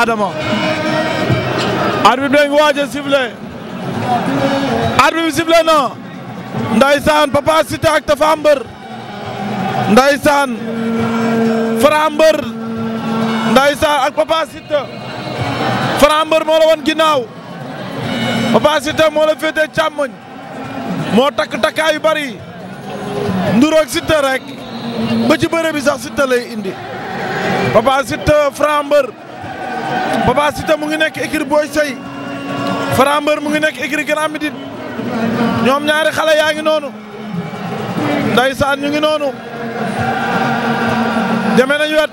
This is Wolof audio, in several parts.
Adama arbitre bi ngi waaj a sifflé arbitre bi sifflé na ndaysaan Papa Cité ak Tapha Mbeur ndaysaan Franc Mbeur ndaysaan ak Papa Cité Franc Mbeur moo la woon ginnaaw Papa Cité moo la féetee càmmoñ moo takk takkaay yu bari nduroog Cité rek ba ci sax Cité lay indi Papa Cité Franc Mbeur Papa mu ngi nekk écurie booy Sey Franc mu ngi nekk écurie Grand Médine ñoom ñaari xale yaa ngi noonu ndeysaan ñu ngi noonu deme nañ wet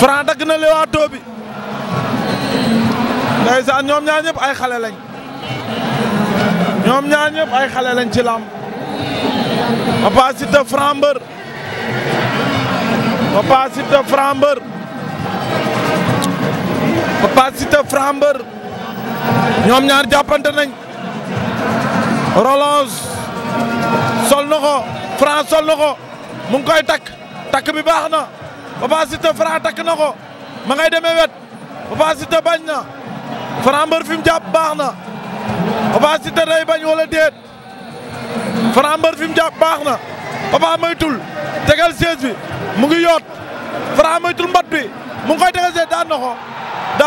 Franc dagg na lewaatoo bi ndeysaan ñoom ñaar ñëpp ay xale lañ ñoom ñaar ñëpp ay xale lañ ci làmb Papa Cité Franc Mbeur Papa Cité Franc ñoom ñaar jàppante nañ Rolange sol na ko sol na mu ngi koy takk takk bi baax na Papa Cité Franc takk na ko ma ngay demee wet Papa Cité bañ na Franc Mbeur fi mu jàpp baax na Papa Cité day bañ wala déet Franc Mbeur fi mu jàpp baax na Papa maytul tegal siège mu ngi yoot Franc maytul mbat bi mu ngi koy tegal siège daan na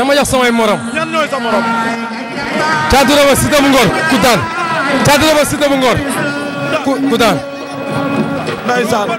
dama jox samay morom. ñan ñooy sa morom. Thiatou Rebeuss Siteu bu Ngor ku daan Thiatou Rebeuss Siteu bu Ngor ku daan. ndeysaan.